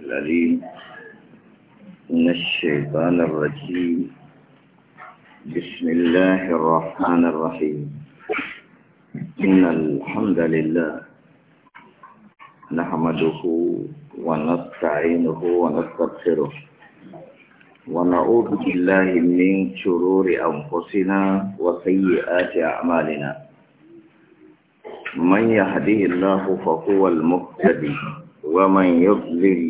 العليم من الشيطان الرجيم بسم الله الرحمن الرحيم إن الحمد لله نحمده ونستعينه ونستغفره ونعوذ بالله من شرور أنفسنا وسيئات أعمالنا من يهديه الله فهو المهتدي ومن يضلل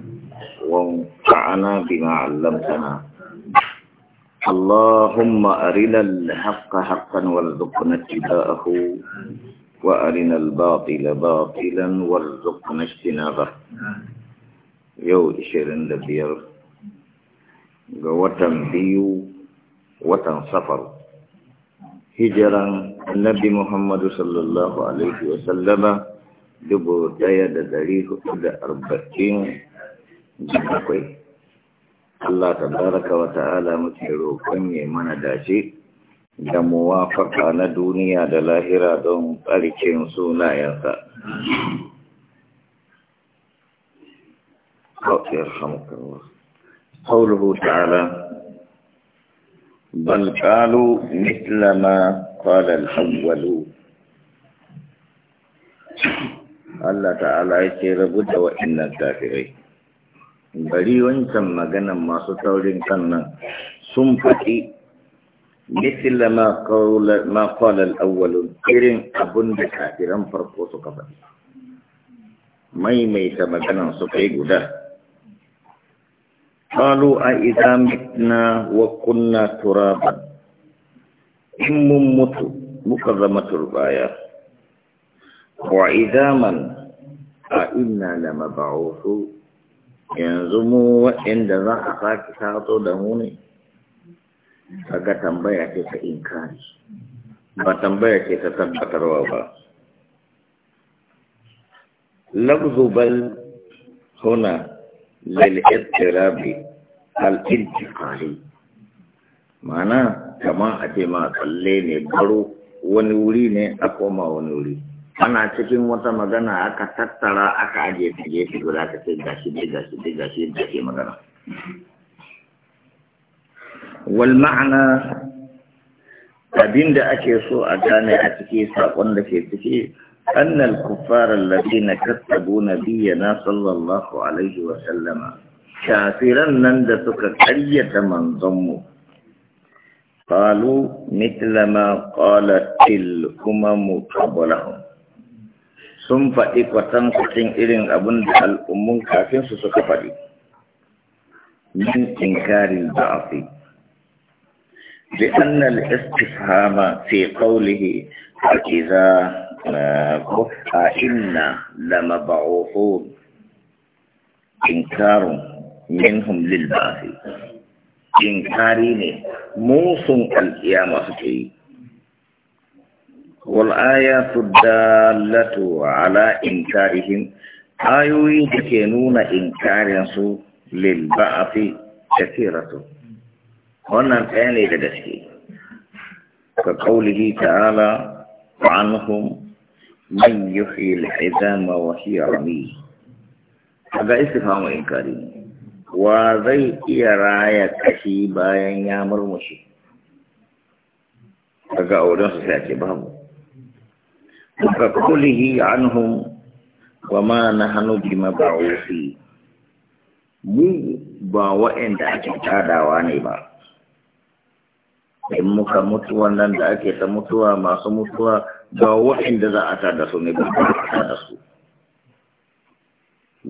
وانفعنا بما علمتنا اللهم أرنا الحق حقا وارزقنا اتباعه وأرنا الباطل باطلا وارزقنا اجتنابه yau ishirin da biyar ga watan biyu watan safar hijiran annabi muhammadu sallallahu alaihi wasallama dubu daya da dari hudu da arba'in akwai Allah tabaraka wa ta'ala muke roƙon ya mana dace da muwafaka na duniya da lahira don tsarkin sunayensa. قوله تعالى بل قالوا مثل na قال الأولون Allah ta'ala ya ce rabu da wa'annan kafirai bari wancan maganan masu taurin kan nan sun faɗi misila ma kwalar awalin irin abun da kafiran farko suka faɗi maimaita maganan su kai guda kalu a izamitna wa kunna turaban in mun mutu muka zama turbaya wa izaman a inna lama baosu? yanzu mu waɗanda za a sake taso da mu ne kaga tambaya ce ta inkari ba tambaya ce ta tabbatarwa ba lafzu bal huna lil ittirabi ma'ana kama a ce ma tsalle ne baro wani wuri ne a koma wani wuri ana cikin wata magana aka tattara aka ajiye ta gefe guda ka ce gashi dai gashi dai gashi da ke magana wal ma'ana abin da ake so a gane a ciki sakon da ke ciki annal kuffar alladhina kazzabu nabiyyana sallallahu alaihi wa sallama kafiran nan da suka karyata manzon mu قالوا مثل ما قالت الأمم قبلهم sun faɗi kwatankwacin irin abin da al'ummun kafin su suka faɗi min inkarin ba'afi لأن الاستفهام في قوله فإذا كفها إنا لمبعوثون إنكار منهم للبعث إنكارين موص القيامة فيه wal’aya su dalato ala inkarihin ayoyi da ke nuna inkarinsu lilba a fi tafiratu wannan ɗaya ne da daske ka ƙaulihi ta'ala ma'anuhun man yi fi la'izama wa shi a ga istifa mai inkari wa zai iya raya kashi bayan ya murmushi ga auren su sai ake babu wa ma وما bima بمبعوثين mu ba wa'anda ake tadawa ne ba in muka mutu wannan da ake ta mutuwa masu mutuwa ga wa'anda za a tada su ne ba a tada su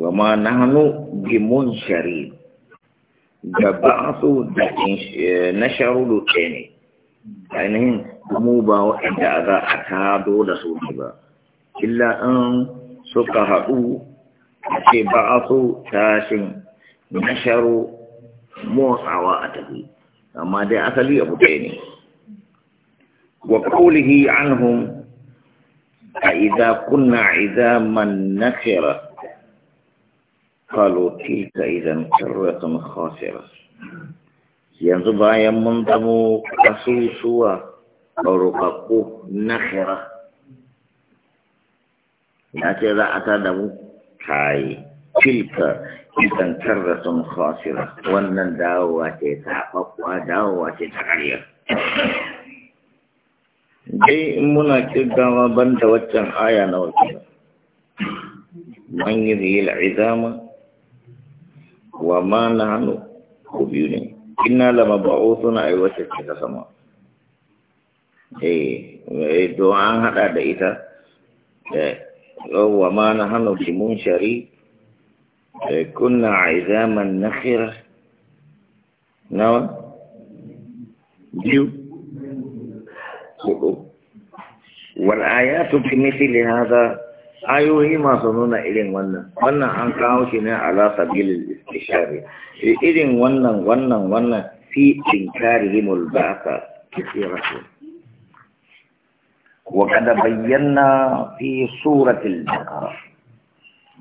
wa ma nahnu bi munshari da ba'su da na ne ainihin mu ba waɗanda za a tado da su ne ba illa an suka haɗu ce ba a so tashin nasharo motsawa a tafi amma dai asali abu ɗaya ne wa an anhum a iza kunna iza man nakira قالوا تلك إذا كرة yanzu bayan mun zamo kasusuwa rukakku na khira ya ce za a ta da mu kayi Filka idan da sun khasira wannan dawowa ce ta bakwa dawowa ce ta ƙarya dai in muna kirgawa banda waccan aya na wakil man yi zai yi la'izama wa ma na hannu ko biyu ne inna lama ba'uthuna ay wacce ta sama eh doa hada ada ita eh wa ma nahnu bi munshari kunna izaman nakhira nawa diu wal ayatu bi mithli hadha ayoyi masu nuna irin wannan wannan an kawo shi ne ala sabilil istishari irin wannan wannan wannan fi inkarihim al-ba'sa kathiratu wa kad bayyana fi suratul al-baqara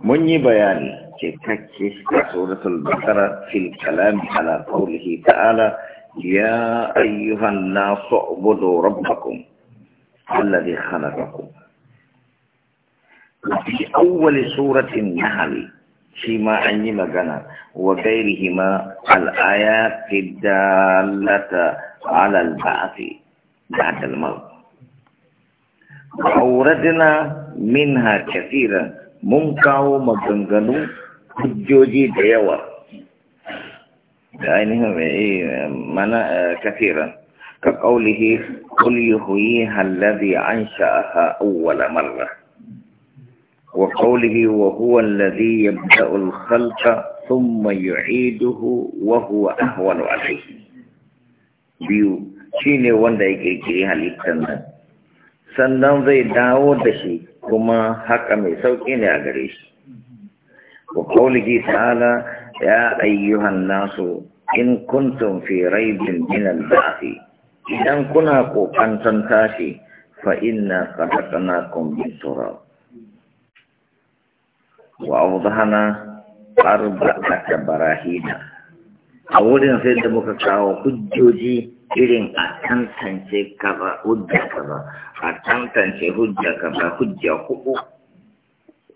mun yi bayani cikakke a suratul baqara fil kalam ala qawlihi ta'ala ya ayyuhan nasu ubudu rabbakum alladhi khalaqakum وفي أول سورة النحل فيما أني مغنى وغيرهما الآيات الدالة على البعث بعد الموت وأوردنا منها كثيرا منكاو مغنغنو حجوجي ديوة يعني إيه، معنى كثيرا كقوله قل يحييها الذي أنشأها أول مرة وقوله وهو الذي يبدا الخلق ثم يعيده وهو اهون عليه بيو شيني وندا يكي كي حالي تنن سنن زي داو دشي كما حق مي سو كيني اغريش وقوله تعالى يا ايها الناس ان كنتم في ريب من البعث اذا كنا قد تنتاشي فانا خلقناكم بالتراب Wa uba hana fargatka Baraahida? A wurin sai da muka kawo hujjoji irin a tantance kaba hujjo kaba, a tantance hujjo kaba hujjo a ko'o.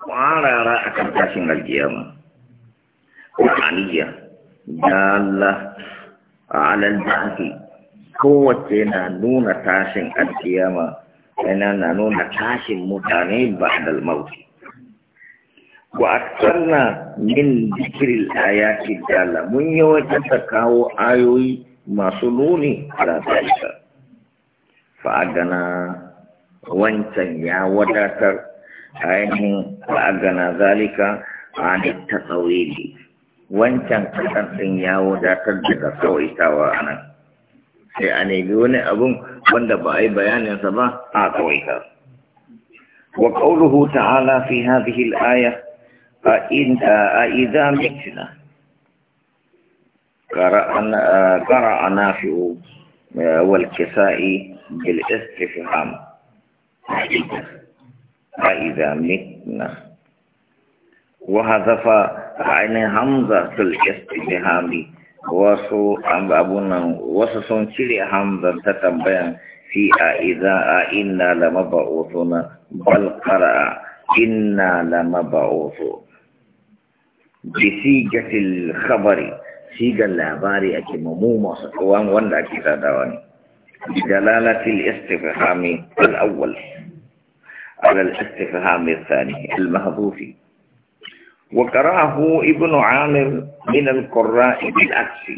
Wa rara akan tashin alƙiyama. A Aliyu, na lal a halarci. na nuna tashin alƙiyama, ina na nuna tashin mutane ba da lemauke. wa aktarna min zikril ayati dalla mun yi yawaita ta kawo ayoyi masu nuni ala dalika fa agana wancan ya wadatar a ainihin fa agana zalika an ta tsawili wancan kasan din ya wadatar daga tsawaitawa a nan sai a nemi wani abun wanda ba a yi bayaninsa ba a tsawaita وقوله تعالى في هذه الايه أإذا متنا قرأ نافع والكسائي بالاستفهام أإذا متنا وهذف عن همزة الاستفهام wasu abun nan wasu sun cire hamzar ta tambayan fi a iza a inna lama ba'oto na balkara inna lama ba'oto بسيجة الخبر سيجة العباري أكي ممومة وان وان أكي تدواني بدلالة الاستفهام الأول على الاستفهام الثاني المهذوف وقرأه ابن عامر من القراء بالعكس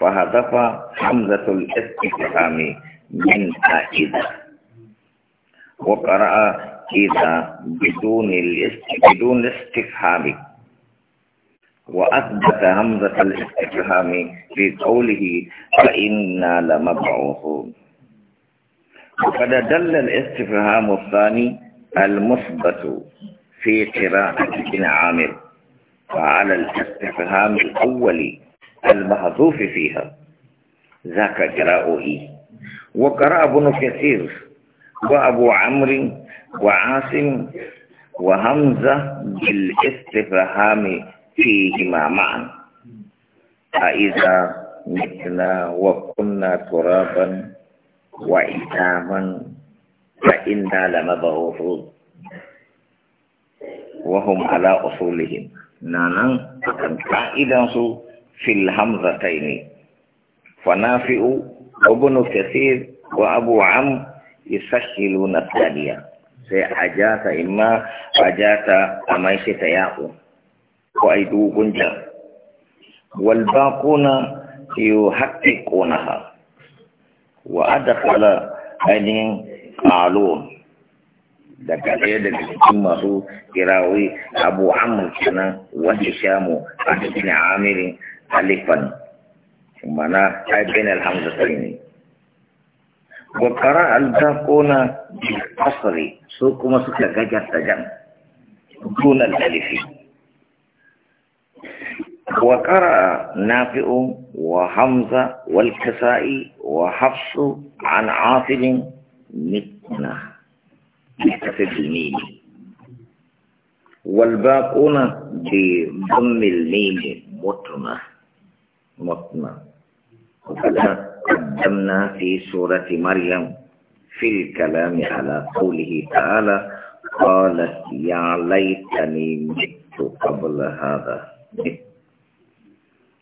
فهدف حمزة الاستفهام من إذا وقرأ إذا بدون الاستفهام بدون وأثبت همزة الاستفهام في قوله فإنا لمبعوثون وقد دل الاستفهام الثاني المثبت في قراءة ابن عامر وعلى الاستفهام الأول المحذوف فيها ذاك قراؤه إيه؟ وقرأ ابن كثير وأبو عمرو وعاصم وهمزة بالاستفهام fihima ma'an. A'idha mitna wa kunna turaban wa itaman fa inna la mabahuru wa hum ala usulihim. Nanang akan ka'idah su fil hamzata ini. Fanafi'u ubnu kathir wa abu am isashilu nasadiyah. Saya ajata imma ajata amaisi tayaku. ko ai dogon ja wal baquna yuhaqqiqunaha wa adkhala ainihin qalun daga ɗaya daga cikin masu kirawi abu amur kenan wanda shamu a cikin amirin halifan mana haifin alhamdulillah ne wa kara albaquna bil asri su kuma suka gajarta jan dun alifi وقرأ نافع وحمزة والكسائي وحفص عن عاصم مثنى بكسر الميم والباقون بضم الميم مطمة مطمة وقد قدمنا في سورة مريم في الكلام على قوله تعالى قالت يا ليتني مت قبل هذا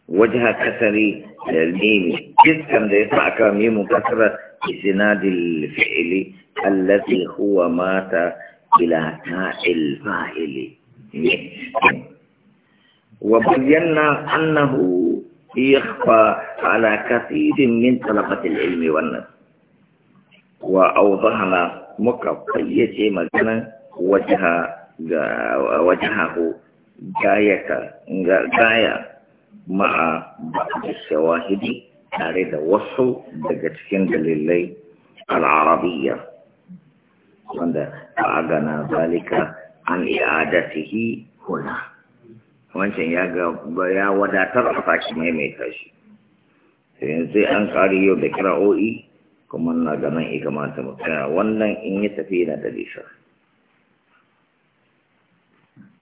وجه كسري الميم جسم ده يسمع كميم كسرة بسناد الفعل الذي هو مات إلى تاء الفاعل وبينا أنه يخفى على كثير من طلبة العلم والنفس وأوضحنا مكفية مكانا وجه وجهه gayaka gaya ma'a ba'd shawahidi tare da wasu daga cikin dalilai al al-arabiyya wanda agana zalika an i'adatihi huna wancan ya ga ya wadatar a fashi maimaita shi sai sai an kari yau da kira'o'i kuma na ganin ikamata mutum wannan in yi tafi na da lisa